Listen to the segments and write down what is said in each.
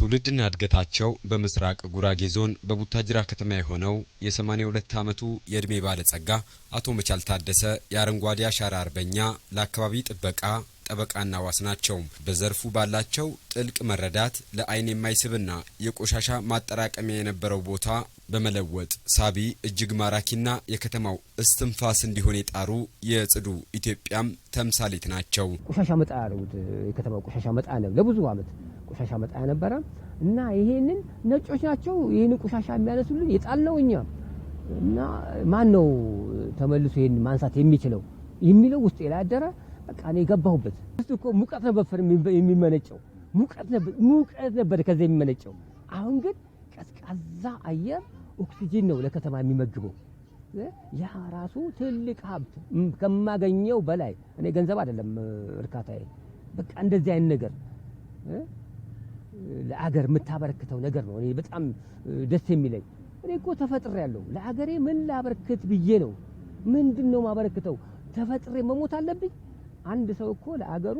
ትውልድና እድገታቸው በምስራቅ ጉራጌ ዞን በቡታጅራ ከተማ የሆነው የ82 ዓመቱ የዕድሜ ባለጸጋ አቶ መቻል ታደሰ የአረንጓዴ አሻራ አርበኛ፣ ለአካባቢ ጥበቃ ጠበቃና ዋስ ናቸው። በዘርፉ ባላቸው ጥልቅ መረዳት ለአይን የማይስብና የቆሻሻ ማጠራቀሚያ የነበረው ቦታ በመለወጥ ሳቢ እጅግ ማራኪና የከተማው እስትንፋስ እንዲሆን የጣሩ የጽዱ ኢትዮጵያም ተምሳሌት ናቸው። ቆሻሻ መጣ ያለሁት የከተማው ቆሻሻ መጣ ለብዙ አመት ቆሻሻ መጣ ነበረ እና ይሄንን ነጮች ናቸው ይህን ቆሻሻ የሚያነሱልን የጣልነው እኛ እና ማን ነው ተመልሶ ይሄን ማንሳት የሚችለው የሚለው ውስጥ የላደረ በቃ ነው የገባሁበት እሱ እኮ ሙቀት ነበር የሚመነጨው ሙቀት ነበር ሙቀት ነበር ከዚያ የሚመነጨው አሁን ግን ቀዝቃዛ አየር ኦክሲጂን ነው ለከተማ የሚመግበው ያ ራሱ ትልቅ ሀብት ከማገኘው በላይ እኔ ገንዘብ አይደለም እርካታዬ በቃ እንደዚህ አይነት ነገር ለአገር የምታበረክተው ነገር ነው። እኔ በጣም ደስ የሚለኝ እኔ እኮ ተፈጥሬ ያለው ለአገሬ ምን ላበረክት ብዬ ነው። ምንድን ነው ማበረክተው? ተፈጥሬ መሞት አለብኝ? አንድ ሰው እኮ ለአገሩ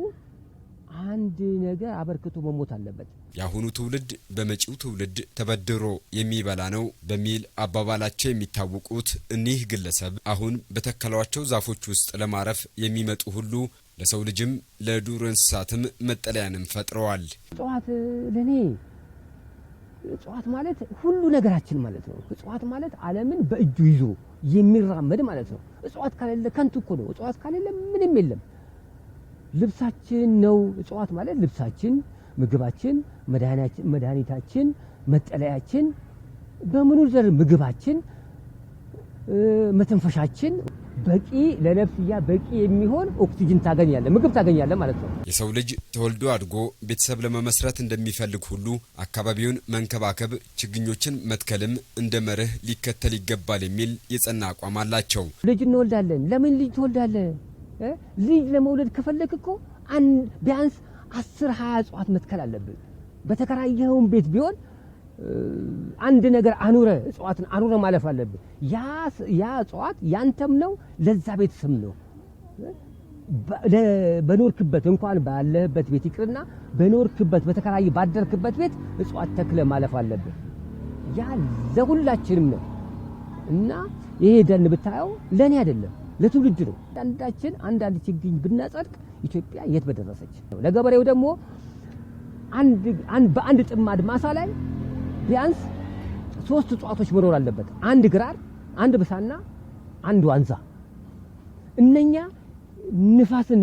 አንድ ነገር አበርክቶ መሞት አለበት። የአሁኑ ትውልድ በመጪው ትውልድ ተበድሮ የሚበላ ነው በሚል አባባላቸው የሚታወቁት እኒህ ግለሰብ አሁን በተከሏቸው ዛፎች ውስጥ ለማረፍ የሚመጡ ሁሉ ለሰው ልጅም ለዱር እንስሳትም መጠለያንም ፈጥረዋል። እጽዋት ለእኔ እጽዋት ማለት ሁሉ ነገራችን ማለት ነው። እጽዋት ማለት ዓለምን በእጁ ይዞ የሚራመድ ማለት ነው። እጽዋት ከሌለ ከንቱ እኮ ነው። እጽዋት ከሌለ ምንም የለም። ልብሳችን ነው። እጽዋት ማለት ልብሳችን፣ ምግባችን፣ መድኃኒታችን፣ መጠለያችን በምኑ ዘር ምግባችን፣ መተንፈሻችን በቂ ለነፍስያ በቂ የሚሆን ኦክሲጅን ታገኛለ፣ ምግብ ታገኛለ ማለት ነው። የሰው ልጅ ተወልዶ አድጎ ቤተሰብ ለመመስረት እንደሚፈልግ ሁሉ አካባቢውን መንከባከብ፣ ችግኞችን መትከልም እንደ መርህ ሊከተል ይገባል የሚል የጸና አቋም አላቸው። ልጅ እንወልዳለን። ለምን ልጅ ትወልዳለ? ልጅ ለመውለድ ከፈለግ እኮ ቢያንስ አስር ሀያ እጽዋት መትከል አለብን። በተከራየኸውን ቤት ቢሆን አንድ ነገር አኑረ እጽዋትን አኑረ ማለፍ አለብን። ያ እጽዋት ያንተም ነው፣ ለዛ ቤተሰብ ነው። በኖርክበት እንኳን ባለህበት ቤት ይቅርና በኖርክበት በተከራይ ባደርክበት ቤት እጽዋት ተክለ ማለፍ አለብን። ያ ለሁላችንም ነው እና ይሄ ደን ብታየው ለእኔ አይደለም ለትውልድ ነው። አንዳንዳችን አንዳንድ ችግኝ ብናጸድቅ ኢትዮጵያ የት በደረሰች። ነው ለገበሬው ደግሞ በአንድ ጥማድ ማሳ ላይ ቢያንስ ሶስት እጽዋቶች መኖር አለበት። አንድ ግራር፣ አንድ ብሳና፣ አንድ ዋንዛ። እነኛ ንፋስን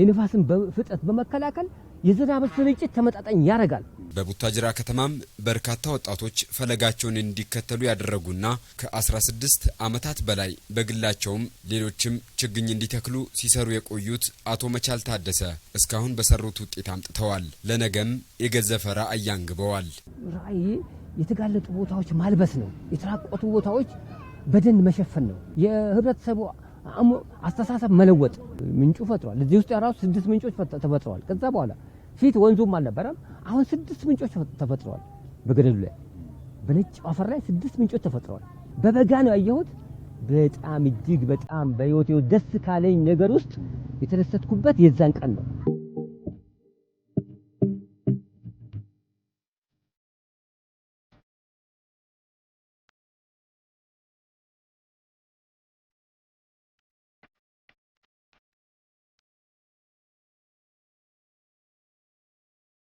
የንፋስን ፍጥነት በመከላከል የዝናብ ስርጭት ተመጣጣኝ ያደርጋል። በቡታጅራ ከተማም በርካታ ወጣቶች ፈለጋቸውን እንዲከተሉ ያደረጉና ከ16 ዓመታት በላይ በግላቸውም ሌሎችም ችግኝ እንዲተክሉ ሲሰሩ የቆዩት አቶ መቻል ታደሰ እስካሁን በሰሩት ውጤት አምጥተዋል። ለነገም የገዘፈ ራዕይ አንግበዋል። ራዕይ የተጋለጡ ቦታዎች ማልበስ ነው። የተራቆቱ ቦታዎች በደን መሸፈን ነው። የህብረተሰቡ አስተሳሰብ መለወጥ ምንጩ ፈጥሯል። እዚህ ውስጥ ያራሱ ስድስት ምንጮች ተፈጥረዋል። ከዛ በኋላ ፊት ወንዙም አልነበረም። አሁን ስድስት ምንጮች ተፈጥረዋል። በገደሉ ላይ በነጭ አፈር ላይ ስድስት ምንጮች ተፈጥረዋል። በበጋ ነው ያየሁት። በጣም እጅግ በጣም በህይወቴ ደስ ካለኝ ነገር ውስጥ የተደሰትኩበት የዛን ቀን ነው።